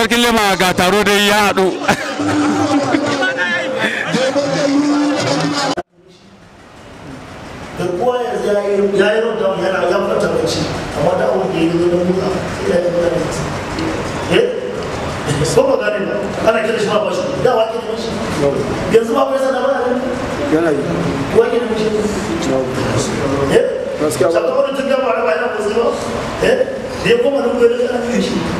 sarkin lema ga taro dai ya haɗu da kowa ya yi ya yi rota yana ya fata mace amma da abin da ya yi wani muka ya yi wani muka eh ko ba gane ba ana kira shi ba ba shi da wa kira shi yanzu ba bai sana ba yana yi wa kira shi eh gaskiya ba ta wani tun da ba ba yana kusa ba eh da ya koma da kuwa da shi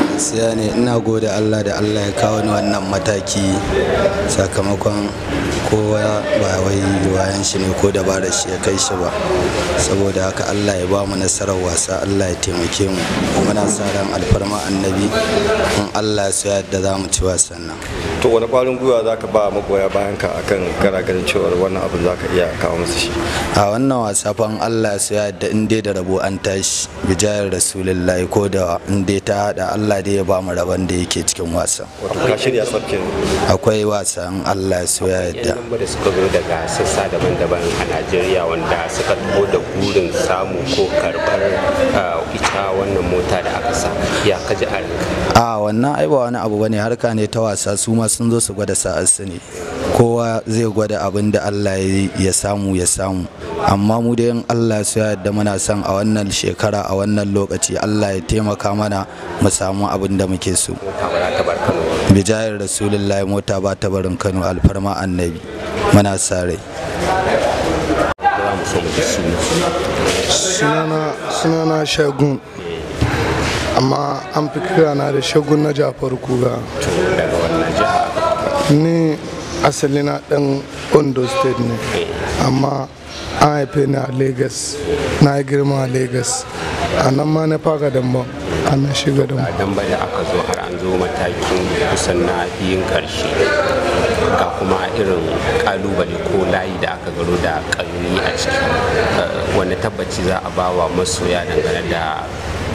gaskiya ne ina gode allah da allah ya kawo ni wannan mataki sakamakon kowa ba wai wayan shi ne ko dabarar shi ya kai shi ba saboda haka allah ya ba mu nasarar wasa allah ya taimake mu muna sa ran alfarma annabi in allah ya so yadda zamu ci wasan nan to wani kwarin gwiwa za ka ba magoya bayan ka akan kana cewar wannan abin za ka iya kawo musu shi a wannan wasa fan Allah su ya da inda da rabo an tashi bijayar rasulullahi ko da inda ta hada Allah da ya ba mu rabon da yake cikin wasa akwai wasan Allah su ya da da suka zo daga sassa daban-daban a Najeriya wanda suka taho da burin samu ko karbar ita wannan mota da aka sa ya kaji a wannan ai wani abu bane harka ne ta wasa su ma sun zo su gwada sa'arsu ne kowa zai gwada abin da Allah ya samu ya samu amma mu da yin Allah su yadda muna son a wannan shekara a wannan lokaci Allah ya taimaka mana mu samu abin da muke so bijayar rasulullahi mota ba ta barin Kano alfarma annabi muna sa rai sunana shagun amma an fi na da shagun na jafar kuga ni asali na dan ondo state ne amma an haife ni a lagos na yi girma a lagos a nan ma na da damba a nan shiga damba a damba da aka zo har an zo matakin kusan na biyun karshe ga kuma irin kalubale ko layi da aka gano da kanuni a ciki eh, wani tabbaci za a bawa masoya dangane da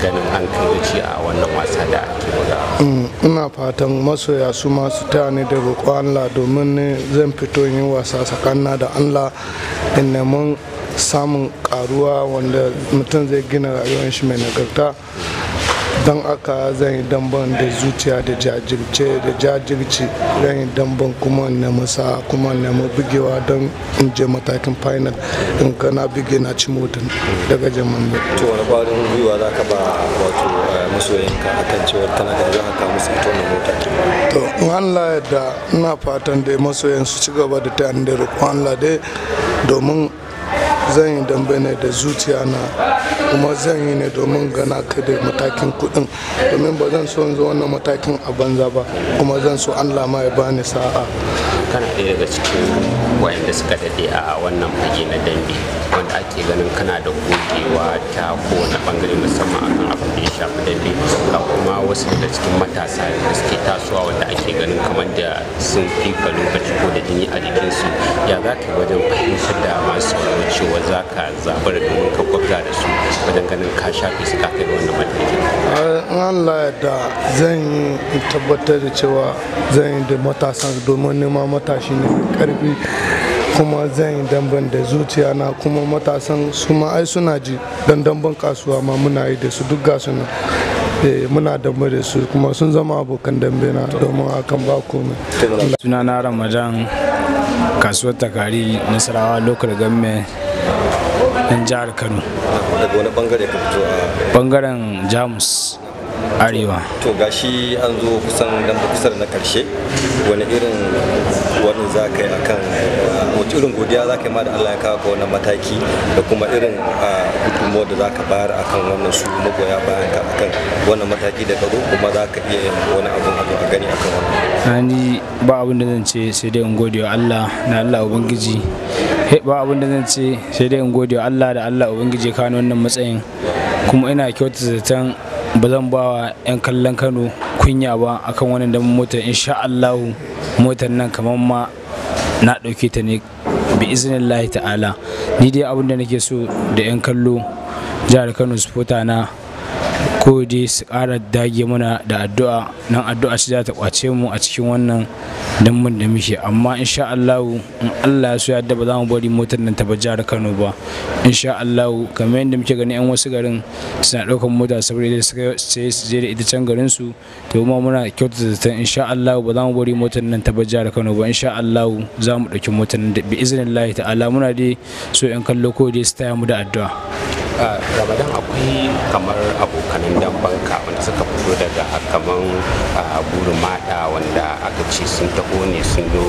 ganin an kai a wannan wasa da ake buga mm, ina fatan masoya su masu ta ne da roƙo Allah domin ne zan fito yin wasa tsakanina da Allah in neman samun karuwa wanda mutum zai gina rayuwar shi mai nagarta don aka zan yi damban da zuciya da jajirce da jajirci zan yi damban kuma na masa kuma na bugewa don in je matakin final in na bige na ci motin daga jaman da to wani kwarin gwiwa za ka ba wato eh, masoyinka kan cewar tana da za ka musu ito na mota to in da ina fatan da masoyan su ci gaba da ta da roƙon dai domin zan yi dambe ne da zuciya na kuma zan yi ne domin gana ka da matakin kuɗin domin ba zan so in zo wannan matakin a banza ba kuma zan so Allah ma ya bani sa'a kana ɗaya daga cikin wayanda suka daɗe a wannan fage na dambe wanda ake ganin kana da gogewa ta kowane bangare musamman a ya shafi dambe ga kuma wasu daga cikin matasa da suke tasowa wanda ake ganin kamar da sun fi ka lokaci ko da jini a jikinsu ya za ka wajen fahimtar da masu sauraro cewa za ka zaɓar domin ka gwabza da su wajen ganin ka shafe su ka kai wannan matakin. Eh, in Allah da zan tabbatar da cewa zan yi da matasan domin neman matashi ne karfi kuma zan yi damban da zuciya na kuma matasan su ma ai suna ji dan damban kasuwa ma muna yi da su duk suna nan eh, muna dambe da su kuma sun zama abokan dambe na domin akan ba komai suna na ramadan kasuwar takari nasarawa local government ɗan jihar kano daga wani bangare ka fito bangaren jamus arewa to gashi an zo kusan dan kusa na karshe wani irin wani za ka yi akan eh, wace irin godiya za ka yi ma da Allah ya kawo wannan mataki da kuma irin eh, gudunmuwa da za ka bayar akan wannan su magoya bayan ka akan wannan mataki da ka kuma za ka iya yin wani abu a a gani akan wannan. ni ba abin da zan ce sai dai in gode wa Allah na Allah Ubangiji ba abin da zan ce sai dai in gode wa Allah da Allah Ubangiji ya wannan matsayin kuma ina kyautata zaton ba zan ba wa 'yan kallon kano kunya ba akan wannan damar mota insha Allahu motar nan kamar ma na ɗauke ta ne bi izinin ta'ala ni dai abin da nake so da 'yan kallo jihar kano su na ko su kara dage muna da addu'a nan addu'a shi za ta kwace mu a cikin wannan dambun da muke amma insha Allah in Allah ya so ya ba za mu bari motar nan ta ba jihar Kano ba insha Allahu kamar yadda muke gani yan wasu garin suna ɗaukar mota saboda suka ce su je da ita can garin su to kuma muna kyautata zaton insha Allahu ba za mu bari motar nan ta ba jihar Kano ba insha Allahu za mu ɗauki motar nan da bi iznillahi ta'ala muna dai so yan kallo ko su taya mu da addu'a ramadan akwai kamar abokanan dambanka wanda suka fito daga kamar burin mata wanda aka ce sun taho ne sun yi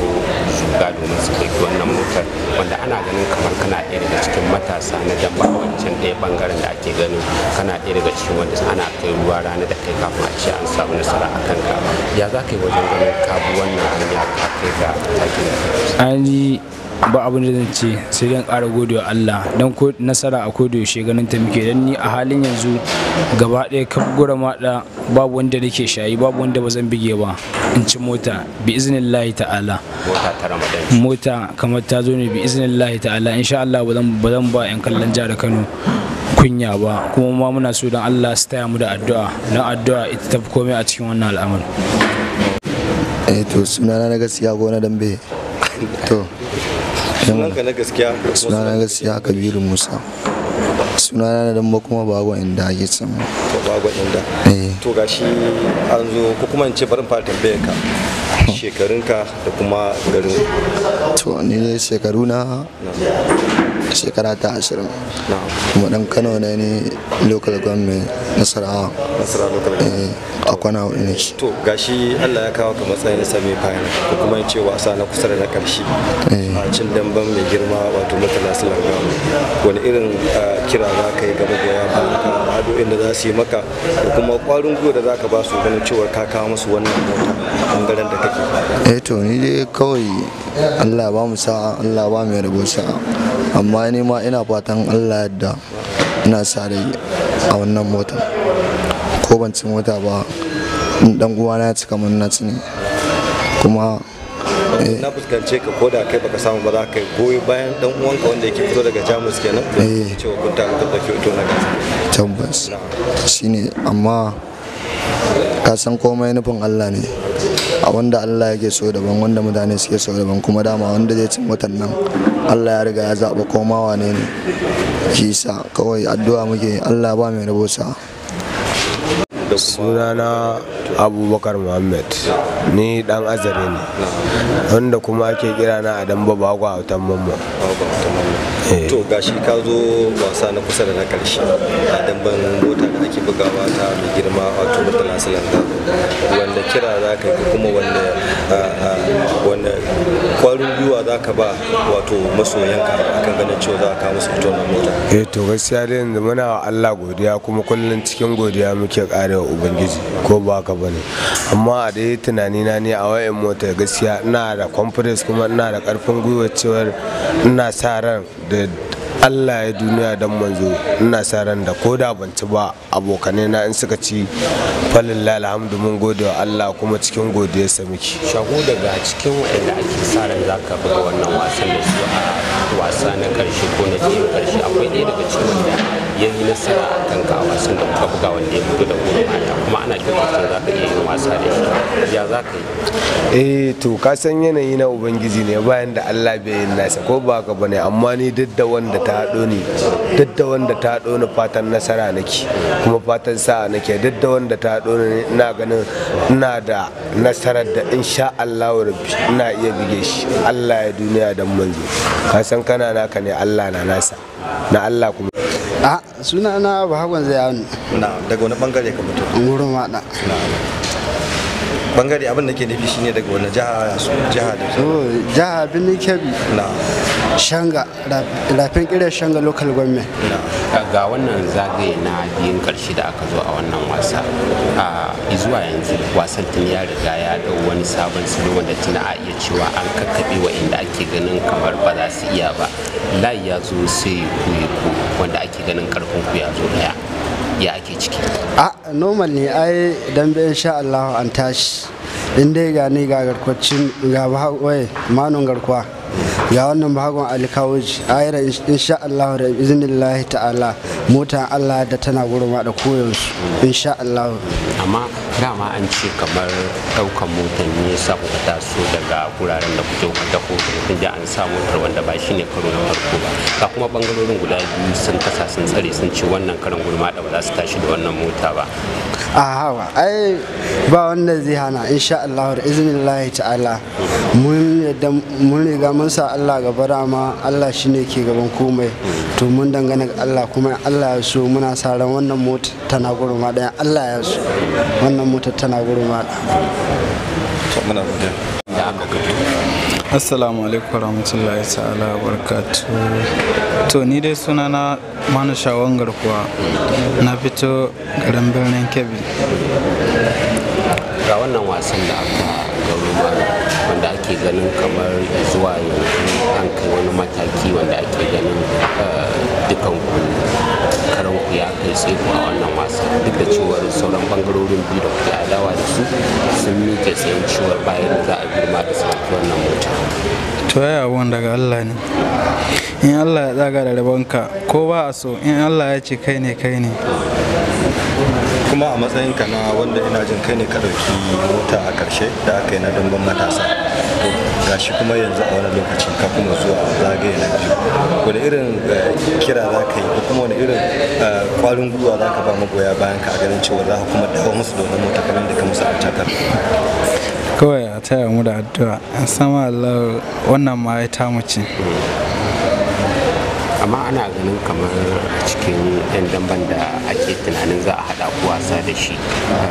zuga domin su ɗauki wannan motar wanda ana ganin kamar kana ɗaya daga cikin matasa na damba wancan ɗaya bangaren da ake ganin kana ɗaya daga cikin wanda ana kai ruwa rana da kai kafin a ce an samu nasara a kanka ya za ka yi wajen ganin kabu wannan hanya ka kai ga takin ba abin da zan ce sai dan ƙara wa Allah dan ko nasara a koda yaushe ganin ta muke dan ni a halin yanzu gaba ɗaya kan gura maɗa babu wanda nake shayi babu wanda ba zan bige ba in ci mota bi iznillahi ta'ala mota ta ramadan kamar ta zo ne bi iznillahi ta'ala insha Allah ba zan ba zan ba yan kallon jihar Kano kunya ba kuma ma muna so dan Allah su taya mu da addu'a dan addu'a ita tafi komai a cikin wannan al'amari eh to sunana na gaskiya gona dambe to sunanka na gaskiya sunana gaskiya kabiru musa sunana na dan kuma bago inda ake can to bago inda eh. to gashi an zo ko kuma in ce barin fara tambaye ka shekarunka da kuma garin to ni ne shekaru na shekara ta ashirin kuma dan kano ne ne local government nasarawa nasarawa local government eh. a kwana hudu nake to gashi Allah ya kawo ka matsayin semi final ko kuma ce wasa na kusa da na karshe eh. a cin damban mai girma wato mutala silanga wani irin kira za ka yi gaba da ya ba ado inda za su yi maka ko kuma kwarin gwiwa da za ka ba su ganin cewa ka kawo musu wannan mota bangaren da kake eh to ni dai kawai Allah ba mu sa'a Allah ba mu rabo sa'a amma ni ma ina fatan Allah yadda ina sa rai a wannan mota. ko ban ci mota ba dan uwana ya cika mun na ne kuma eh. na fuskance ka koda kai baka samu ba za ka goyi bayan dan uwanka wanda yake fito daga jamus kenan cewa eh. kunta ta ka tafi to na gasa tabbas shine amma ka san komai nufin Allah ne a wanda Allah yake so daban wanda mutane suke so daban kuma dama wanda zai cin watan nan Allah ya riga ya zaba komawa ne ne shi sa kawai addu'a muke Allah ba mai rabosa. sa sunana abubakar muhammad ni dan azare ne wanda kuma ake kira na adam baba a hautan mamma eh. to gashi ka zo wasa na kusa da na karshe a damban mota da buga bugawa ta mai girma wato murtala salanga wanda kira za ka yi kuma wanda kwarin gwiwa za ka ba wato masoyanka akan ganin cewa za ka musu fito na mota eh to gaskiya dai yanzu muna wa Allah godiya kuma kullum cikin godiya muke karewa ubangiji ko ba ka bane amma a dai tunani na ne a wayan mota gaskiya ina da confidence kuma ina da karfin gwiwa cewar ina sa ran da Allah ya duniya don manzo ina sa ran da ko da ban ci ba abokanai na in suka ci falillah alhamdu mun gode wa Allah kuma cikin godiyarsa muke shago daga cikin waɗanda ake sa ran zaka buga wannan wasan da su a wasa na karshe ko na karshe akwai ɗaya daga cikin wanda ya yi nasara a kan a wasan da ka buga wanda ya fito da goma mata kuma ana jin wasan za ka iya yin wasa da shi ya za ka yi eh to ka san yanayi na ubangiji ne bayan da Allah bai yin nasa ko ba ka bane amma ni duk da wanda ta haɗo ni duk da wanda ta haɗo ni fatan nasara nake kuma fatan sa'a nake duk da wanda ta haɗo ni ina ganin ina da nasarar da insha Allah rabbi ina iya bige shi Allah ya duniya dan manzo ka san kana naka ne Allah na nasa na Allah kuma a ah, suna na bahagon zayanu na daga wani bangare ka mutu. wurin wada bangare abin da ke nufi shine daga wani jiha su jiha da su jiha birnin kebbi na shanga rafin kiran shanga local government ga wannan zagaye na biyun karshe da aka zo a wannan wasa a zuwa yanzu wasan tun ya riga ya dau wani sabon salo wanda tuna a iya cewa an kakkaɓe wa inda ake ganin kamar ba za su iya ba layi ya zo sai ku wanda ake ganin karfin ku ya zo daya ya ake ciki a normal ne ai dambe insha Allah an tashi in dai ga ni ga garkwacin ga wai manon garkuwa ga wannan bahagon alkawuji ayira insha Allah da iznillahi ta'ala motan Allah da tana gurma da koyonsu insha Allah amma dama an ce kamar ɗaukan motar ne saboda so daga wuraren da kuke kwata ko kun ji an sa motar wanda ba shine karo na farko ba ga kuma bangarorin guda biyu sun kasa sun tsare sun ce wannan karin gurma da ba za su tashi da wannan mota ba a hawa ai ba wanda zai hana insha Allah da izinin Allah ta'ala mun yadda mun riga mun sa Allah gaba ma Allah shine ke gaban komai to mun dangana ga Allah kuma Allah ya so muna sa ran wannan mota tana gurma daya Allah ya so wannan mutar tana guri mala assalamu alaikum warahmatullahi ta'ala barakatu. to ni dai suna na manu shawon garkuwa na fito garin birnin kebbi ga wannan wasan da aka gauro wanda ake ganin kamar zuwa yanzu an kai wani mataki wanda ake ganin eh, dukan ya kai tsaiko a wannan wasa duk da cewar sauran bangarorin biyu da kuke adawa da su sun miƙe tsayin cewar bayan za a girma da sauki wannan mota to ya abun daga Allah ne in Allah ya tsaga da ka ko ba a so in Allah ya ce kai ne kai ne kuma a matsayinka na wanda ina jin kai ne ka ɗauki mota a ƙarshe da aka yi na damben matasa gashi kuma yanzu a wani lokacin ka kuma zuwa zagaye na biyu wani irin eh, kira za ka yi kuma wani irin kwarin eh, gwiwa za ka ba magoya bayan ka a ganin cewa za ka kuma dawo musu domin wannan matakalin da ka musu a takar kawai a taya mu da addu'a a sama Allah wannan ma ya tamu hmm. amma ana ganin kamar cikin 'yan damban da ake tunanin za a haɗa ku wasa da shi eh,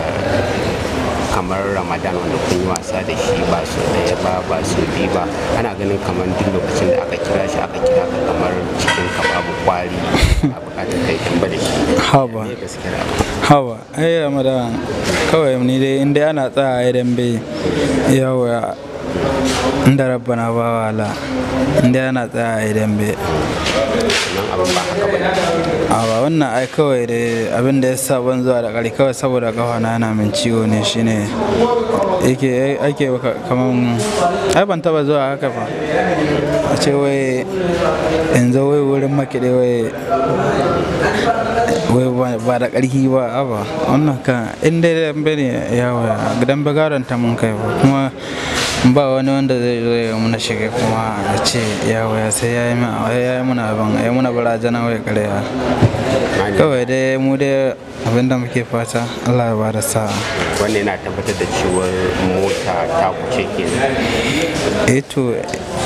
kamar ramadan wanda kun yi wasa da shi ba su daya ba ba su bi ba ana ganin kamar duk lokacin da aka kira shi aka kira ka kamar cikin ka babu kwari a bukatar kai tamba da shi haba eh, haba ai ramadan kawai ni dai inda ana tsaya idan bai yawa inda rabba na ba wala inda yana tsaya a idan be a ba wannan ai kawai da abin da ya sa ban zuwa da ƙari kawai saboda kafa na yana min ciwo ne shine yake ake kaman ai ban taba zuwa haka ba. a ce wai in zo wai wurin makide wai wai ba da ƙarfi ba aba wannan ka inda dai dambe ne yawa gidan bagaranta mun kai ba kuma ba wani wanda zai zo ya muna shige kuma a ce ya waya sai ya yi muna abin ya muna barajana wai karewa kawai dai mu dai abinda muke fata allah ya ba da sa wannan yana tabbatar da ciwon mota ta kuce ke eh to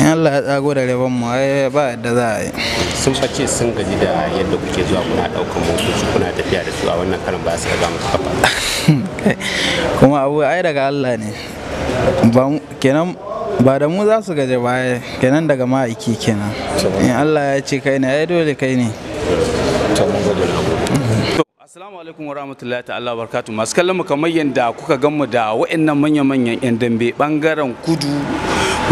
in allah ya tsago da rabon mu ai ba yadda za a yi sun face sun gaji da yadda kuke zuwa kuna daukan motoci kuna tafiya da su a wannan karin ba su ga muku kafa kuma abu ai daga allah ne kenan ba da mu za su gaje baya kenan daga ma'aiki kenan in Allah ya ce kai ne ya dole kai ne mhm. Assalamu alaikum wa rahmatullahi ta'ala barkatu masu kallon mu kamar yadda kuka gan mu da wa'annan manya-manyan 'yan dambe bangaren kudu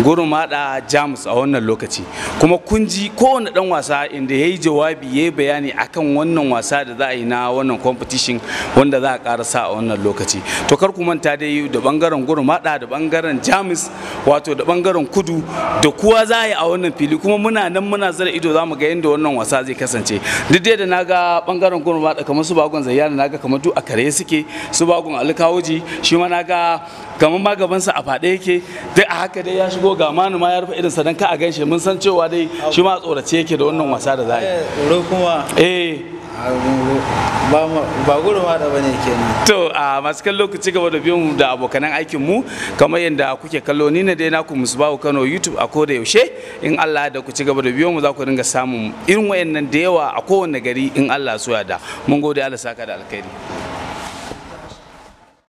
gurmada jamus a wannan lokaci kuma kun ji kowane dan wasa inda ya yi jawabi ya yi bayani akan wannan wasa da za a yi na wannan competition wanda za a karasa a wannan lokaci to kar ku manta dai da bangaren gurmada da bangaren jamus wato da bangaren kudu da kuwa za a yi a wannan fili kuma muna nan muna zara ido za mu ga yadda wannan wasa zai kasance duk dai da na ga bangaren gurmada kamar su bagon zayyana na ga kamar duk a kare suke su bagon alkawoji shi ma na ga kamar magabansa a faɗe yake duk a haka dai ya shigo ko ga manu ma ya rufe irinsa don ka a ganshi mun san cewa dai shi ma tsorace yake da wannan wasa da za yi eh, kuma eh ba gurin wada bane kenan to a masu kallo ku ci gaba da biyan da abokanan aikin mu kamar yadda kuke kallo ni ne dai naku Musbahu Kano YouTube a koda yaushe in Allah da ku ci gaba da biyan mu za ku dinga samun irin wayannan da yawa a kowanne gari in Allah so ya da mun gode Allah saka da alkhairi